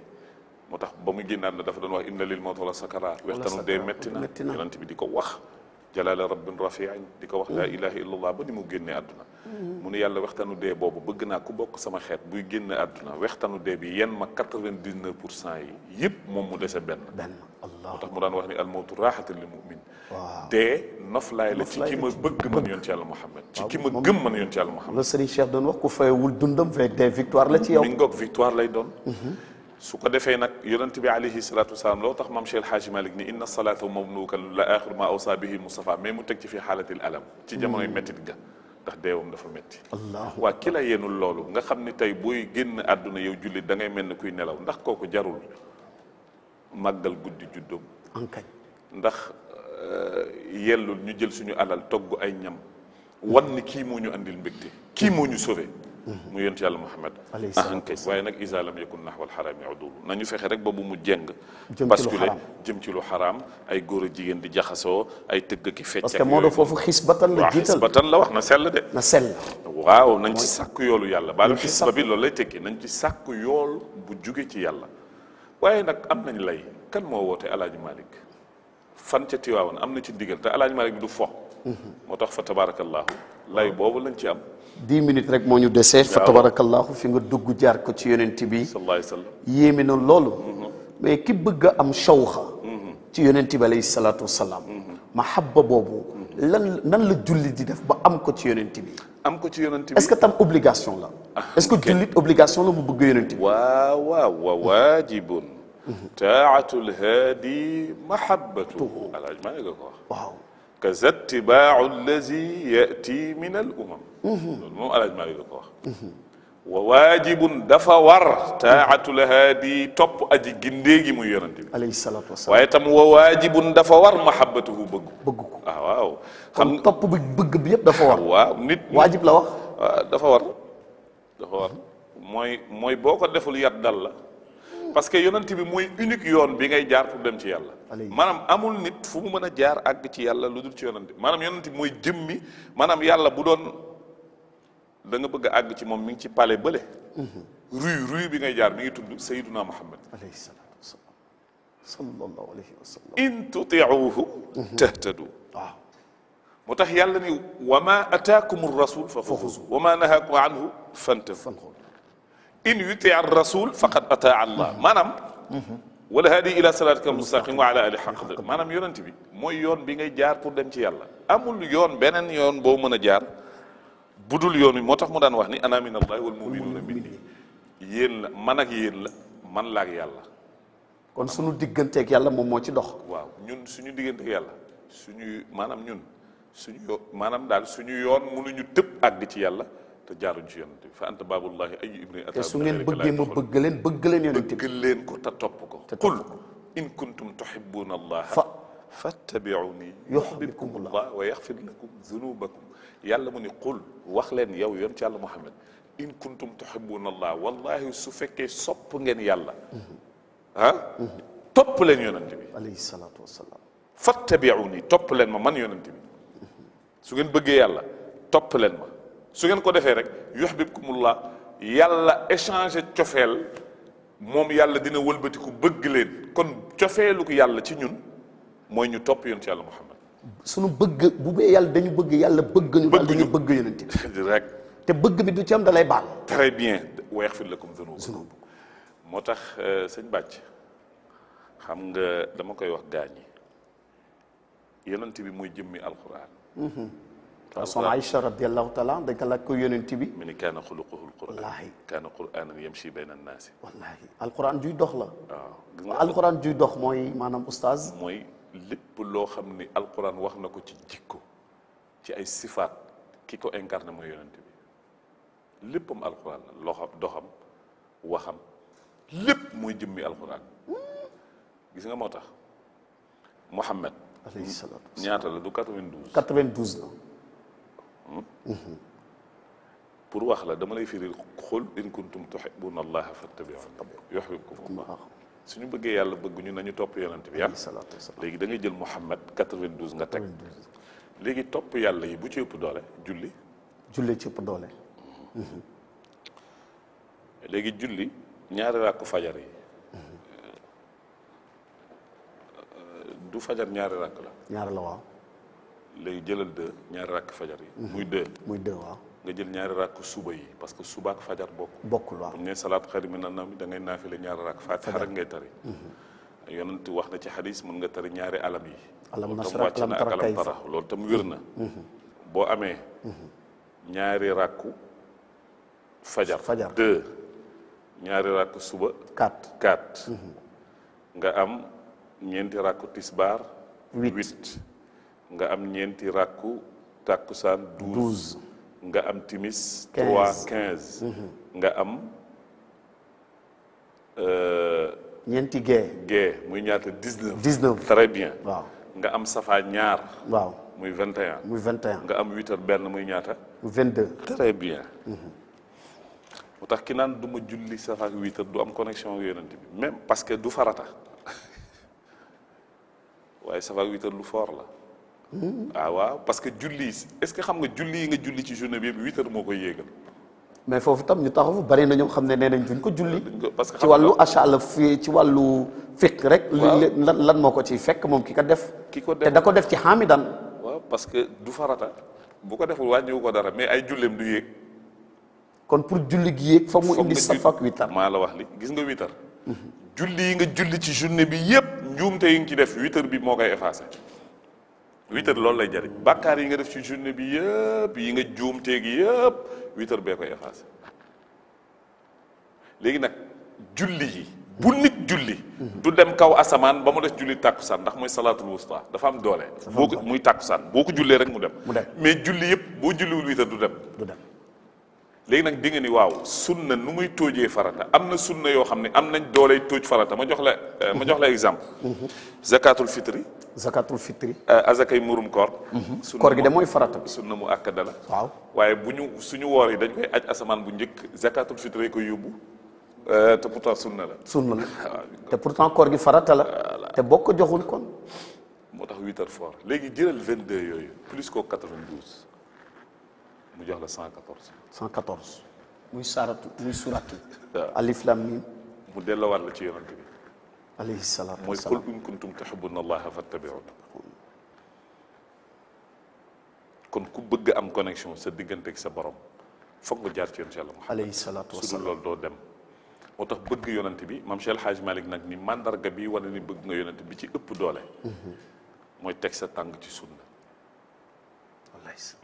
moo tax ba mu génn àdduna dafa doon wax inna lil mawti la sakaraat wextanu dee metti na yonent bi di ko wax jalaala rabbin rafiin di ko wax laa ilaha ba ni mu génnee àdduna mm-hmm. mu ne yàlla wextanu dee boobu bëgg naa ku bokk sama xeet buy génn àdduna wextanu dee bi yenn ma quatre-vingt-dix-neuf pour cent yi yëpp moom mu dese benn benn moo tax mu daan wax ni almawtu raaxatan lil mu'min dee noflaay la ci ki ma bëgg man yoon ci yàlla Muhammad ci ki ma gëm man yoon ci yàlla Muhammad la Serigne Cheikh doon wax ku fayewul dundam fekk victoire lay doon mm-hmm. su ko defee nag yonent bi alayhi salatu wasalaam loo tax maam Cheikh El Hadj Malick ni inna salata mamnuuka la axiru ma awsa bihi Mustafa mais mu teg ci fii xaalatil alam ci jamonoy méttit hmm. ga ndax deewam dafa métti waa ki la yeenul loolu nga xam ni tey booy génn àdduna yow jullit dangay mel ni kuy nelaw ndax kooku jarul màggal guddi juddoom ndax euh, yellul ñu jël suñu alal togg ay ñam wan ni kii moo ñu andil mbégte kii moo ñu sauvé mu yonent yàlla Muhammad ahankay waaye nag isa lam yakun a xaraami udul nañu fexe rek ba bu mu jeng basculer jëm ci lu xaraam ay góor a jigéen di jaxasoo ay tëgg ki fecc parce que moo do foofu xisbatan la jiital xisbatan la wax na sell de na sell nañ ci sàkk yoolu yàlla baalu xisba bi loolu lay tekki nañ ci sàkk yool bu juge ci yàlla waaye nag am nañ lay kan moo woote alaaji Malick fan ca Tiwaawan am na ci ndigal te alaaji Malick du fo moo tax fa tabaarakallaahu lay boobu lañ ci am. dix minutes rek moo ñu desee fa tabaarakallaahu fi nga dugg jaar ko ci yonent bi. salaay salaam yéeme na loolu. Mhm. mais ki bëgg a am shawxa mhm. ci yonent bi alayhi salaatu wasalaam. Mhm. mahabba boobu. lan nan la jullit di def ba am ko ci yonent bi. am ko ci yonent bi est-ce que tam obligation la. Ah, est-ce que jullit obligation la mu bëgg yonent bi. waaw waaw wa waajibun. taatul haadi mahabbatuhu. alaaj maa ngi ko wax waaw. kaza tibaacu allazi yati min al umam loolu moom alaaj Maalik la ko wax wa waajibun dafa war taaatu lahaa di topp aji gindéegi muy yonante bi alayhi salaatu wasalaam waaye tam wa waajibun dafa war mahabbatuhu bëgg bëgg ko ah waaw xam topp bi bëgg bi yëpp dafa war waaw nit waajib la wax ah, dafa war dafa war mooy mooy boo ko deful yat dal la parce que yonent bi mooy unique yoon bi ngay jaar pour dem ci yàlla maanaam amul nit fu mu mën a jaar àgg ci yàlla lu dul ci yonent bi maanaam yonent bi mooy jëmmi maanaam yàlla bu doon da nga bëgg àgg ci moom mi ngi ci pale bële mhm. ruy ruy bi ngay jaar mi ngi tudd sayyiduna muhammad alayhi salaatu wa salaam sallallahu in tutiuhu mhm. tahtadu waaw moo tax yàlla ni wa ma ataakum rasul fa faxuzu wa ma nahaakum anhu fantahu in yuti ar rasul faqad ata allah maanaam wala haadi ila salaatika mustaqim wa ala ali xaq qadr maanaam yonent bi mooy yoon bi ngay jaar pour dem ci yàlla amul yoon beneen yoon boo mën a jaar budul yoon wi moo tax mu daan wax ni ana min allahi wal muminuuna minni yéen la man ak yéen la man laak yàlla kon suñu digganteeg yàlla moom moo ci dox waaw ñun suñu digganteeg yàlla suñu maanaam ñun suñu yo maanaam daal suñu yoon mënuñu tëb àgg ci yàlla te jaaruñ ci yonent bi fa anta baabullahi ay ibni ata te su ngeen bëggee ma bëgg leen bëgg leen yonent bi bëgg leen ko te topp ko qul in kuntum tuhibbuna allah fa fattabiuni yuhbibkum allah wa yaxfir lakum zunubakum yàlla mu ni qul wax leen yow yoon ci yàlla muhammad in kuntum tuhibbuna allah wallahi su fekkee sopp ngeen yàlla mm-hmm. ah mm-hmm. topp leen yonent bi alayhi salaatu wasalaam fattabiuni topp leen ma man yonent bi mm-hmm. su ngeen bëggee yàlla topp leen ma su ngeen ko defee rek yuhbibkumullah yàlla échanger cofeel moom yàlla dina wëlbatiku bëgg leen kon cofeelu yàlla ci ñun mooy ñu topp yoon ci yàlla Muhammad suñu bëgg bu bee yàlla dañu bëgg yàlla bëgg ñu bëgg ñu bëgg yonent rek te bëgg bi du ci am da lay baal très bien wa yaxfir lakum zunuubakum moo tax euh, sëñ bàcc xam nga dama koy wax yi yonent bi mooy jëmmi alxuraan mm-hmm. alquran soxna Aïcha radiyallahu taala dañ ko laaj bi mu ni kaana xuluquhu alquran wallaahi kaana quranan yamshi bayna annaasi wallaahi alquran juy dox la waaw ah, juy dox mooy maanaam oustaz mooy lépp loo xam ni alquran wax na ko ci jikko ci ay sifaat ki ko incarné mooy yonent bi léppam alquran doxam waxam lépp mooy jëmmi alquran gis nga moo tax Mouhamed. alayhi salaatu ñaata la du 92. 92 Mm-hmm. pour wax la dama lay firil xul in kuntum tuhibbuna allaha fattabi'uni ko allah mm-hmm. suñu bëggee yàlla bëgguñu nañu topp yonent bi ah léegi da ngay jël Muhammad 92 nga teg léegi topp yàlla yi bu ci ëpp doole julli julli ci ëpp doole mm-hmm. léegi julli ñaari ràkku fajar yi euh, du fajar ñaari ràkk la ñaari la waaw léegi jëlal deux ñaari rakk fajar yi. Mhm. muy deux muy deux nga jël ñaari rakk suba yi parce que suba fajar bokkul. bokkul waaw bu ñu nee salaat xayr mina nawm da ngay naafile ñaari rakk faatiha rek ngay tari. Mhm. yonent wax na ci xadis mën nga tari ñaari alam yi. alam nasrah ak alam tara kayfa loolu tam wér na. Mhm. boo amee. rakku fajar. fajar ñaari rakk suba. quatre quatre. nga am ñeenti rakku tisbaar. huit nga am ñeenti ràkku tàkkusaan douze nga am timis trois quinze mhm. nga am euh, ñeenti gée gée muy ñaata dix-neuf dix-neuf très bien waaw nga am safa ñaar muy vingt et un nga am huit benn muy ñaata muy vingt bien mhm. mu tax ki naan duma ma julli safa ak huit heures du am connexion ak bi même parce que du farata waaye safa ak lu fort la ah waaw parce que julli est-ce que xam nga julli yi nga julli ci journée bi yëpp huit heures moo koy yéegal. mais foofu tam ñu taxaw bari na ñoom xam ne nee nañ duñ ko julli. parce que ci wàllu achat la ci wàllu fiq rek. lan lan moo ko ciy fekk moom ki ko def. ki ko def da ko def ci xaamidan waaw parce que du farata. bu ko deful wàññiwu ko dara mais ay julleem du yéeg. pour julli gi yéeg fa mu indi saf ak witar la wax li gis nga witar. Mhm. julli yi nga julli ci journée bi yëpp njuumte yi nga ci def witar bi moo koy effacé. witr loolu lay jariñ bàkkaar yi nga def ci journée bi yëpp yi nga juum teegi yëpp witr bee koy effacé léegi nag julli yi bu nit julli du dem kaw asamaan ba mu des julli tàkkusaan ndax mooy salaatul wusta dafa am doole boo ko muy tàkkusaan boo ko jullee rek mu dem mais julli yëpp boo julliwul witr du dem du dem léegi nag di nga ni waaw sunna nu muy tóojee farata am na sunna yoo xam ne am nañ dooley tóoj farata ma jox la euh, ma jox la exemple zakatul fitri zakatul fitri euh, azakay murum koor mhm. koor gi de mooy farata sunna mu akkada la waaw waaye bu ñu suñu woor yi dañ koy aj asamaan bu njëkk zakatul fitri koy yóbbu euh, te pourtant sunna la sunna la te pourtant koor gi farata la te boo ko joxul kon moo tax huit heures fort léegi jëlal 22 yooyu plus ko 92 mu jox la 114 114. muy saaratu muy suratu. waaw alif lam mim. mu delloowaat la ci yonent bi. alayhi salaatu wa salaam mooy qul in kuntum tuhibbuna allaha kon ku bëgg am connexion sa diggante ak sa borom foog nga jaar ci yoon si yàlla. alayhi salaatu doo dem. moo tax bëgg yonent bi maam Cheikh El Hadj nag ni mandarga bi wane ni bëgg nga yonent bi ci ëpp doole. Mhm. mooy teg sa tànk ci sunna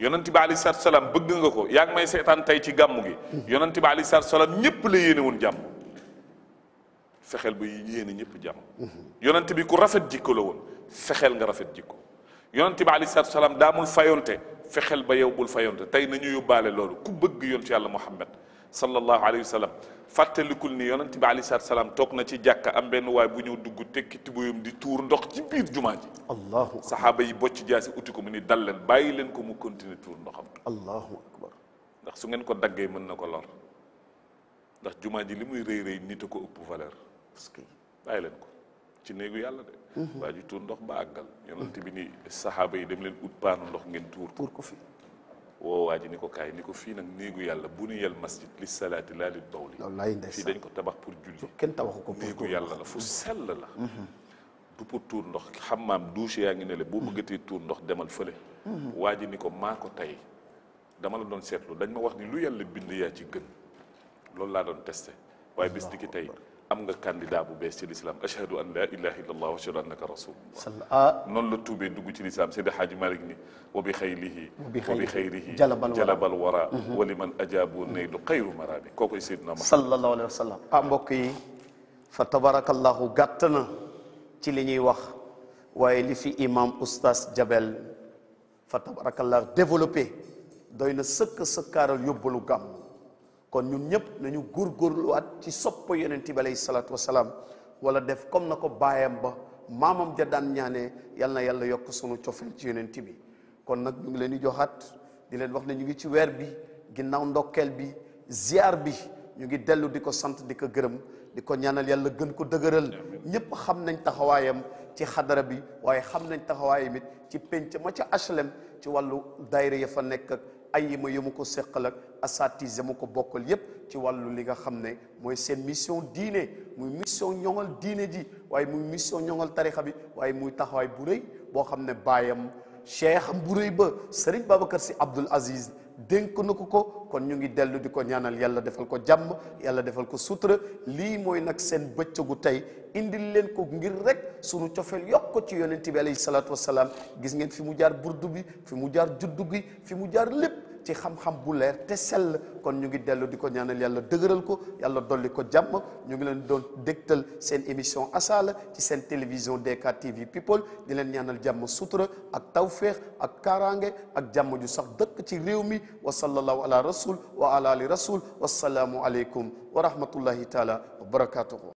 yonent bi aleyhi salaatu salaam bëgg nga ko yaa ngi may seetaan tey ci gàmmu gi yonent bi aleyhi salaatu salaam ñëpp la yéene woon jàmm fexeel ba yéene ñëpp jàmm yonent bi ku rafet jikko la woon fexeel nga rafet jikko yonent bi aleyhi salaatu salaam daamul fayonte fexeel ba yow bul fayonte tey na nañu baale loolu ku bëgg yonent yàlla Muhammad sallallahu alayhi wa sallam ni yonent bi alayhi salaatu salaam toog na ci jàkka am benn waay bu ñëw dugg tekki tubéyam di tuur ndox ci biir jumaa ji. allahu saxaaba yi bocc jaasi uti ko mu ni dal leen bàyyi leen ko mu continuer tuur ndoxam. allahu akbar ndax su ngeen ko daggee mën na ko lor ndax jumaa ji li muy rëy rëy nit a ko ëpp valeur. parce que bàyyi leen ko ci néegu yàlla de. Mhm. waa tuur ndox ba àggal. yonent bi ni saxaaba yi dem leen ut paanu ndox ngeen tuur. tuur ko fi. woowaa ji ni ko kaay ni ko fii nag néegu yàlla bu nu yal masjid li salaati laa li dawli fii dañ ko tabax pour julli kenn tabaxu ko néegu yàlla la fu mm-hmm. sell la mm-hmm. du pour tour ndox xamaam douche yaa ngi ne le boo mm-hmm. bëggatee tour ndox demal fële waa ji ni ko maa ko tey dama la doon seetlu dañ ma wax ni lu yàlla bind yaa ci gën loolu laa doon teste waaye bis di ki tey am nga candidat bu bees ci a ashhadu an laa ilaha illa allah wa ashhadu annaka rasulullah ah. noonu la tuubee dugg ci lislaam Seydi Xaaji Malik ni wa bi xayrihi wa bi xayrihi jalabal wara mhm. wa liman ajaabu naylu xayru maraami kookoy Seydina Muhammad sallallahu alayhi wa sallam ah mbokk li ñuy wax waaye li fi imam oustaz Jabel fa tabarakallahu développé doy na sëkk sëkkaaral yóbbalu gàmm kon ñun ñëpp nañu góorgóorluwaat ci sopp yonent bi alayhi salaatu wasalaam wala def comme na ko baayam ba maamam ja daan ñaanee yal na yàlla yokk sunu cofeel ci yonent bi kon nag ñu ngi leen di joxaat di leen wax ne ñu ngi ci weer bi ginnaaw ndokkeel bi ziar bi ñu ngi dellu di ko sant di ko gërëm di ko ñaanal yàlla gën ko dëgëral ñëpp xam nañ taxawaayam ci xadara bi waaye xam nañ taxawaayam it ci penc ma ci HLM ci wàllu daayira yi fa nekk ay ayima ya mu ko seqal ak asatise mu ko bokkal yépp ci wàllu li nga xam ne mooy seen mission diine muy mission ñoŋal diine ji waaye muy mission ñoŋal tarixa bi waaye muy taxawaay bu rëy boo xam ne baayam cheikh bu rëy ba Serigne Babacar Sy Abdoul Aziz dénk na ko ko kon ñu ngi dellu di ko ñaanal yàlla defal ko jàmm yàlla defal ko sutura lii mooy nag seen bëccëgu tey indil leen ko ngir rek sunu cofeel yokk ko ci yonent bi alayhi salaatu wasalaam gis ngeen fi mu jaar burdu bi fi mu jaar juddu gi fi mu jaar lépp ci xam-xam bu leer te sell kon ñu ngi dellu di ko ñaanal yàlla dëgëral ko yàlla dolli ko jàmm ñu ngi leen doon dégtal seen émission asaala ci seen télévision DK TV people di leen ñaanal jàmm sutur ak tawféex ak kaaraange ak jàmm ju sax dëkk ci réew mi wa sallallahu ala rasul wa ala ali rasul wasalaamu aleykum wa rahmatullahi taala wa barakatuhu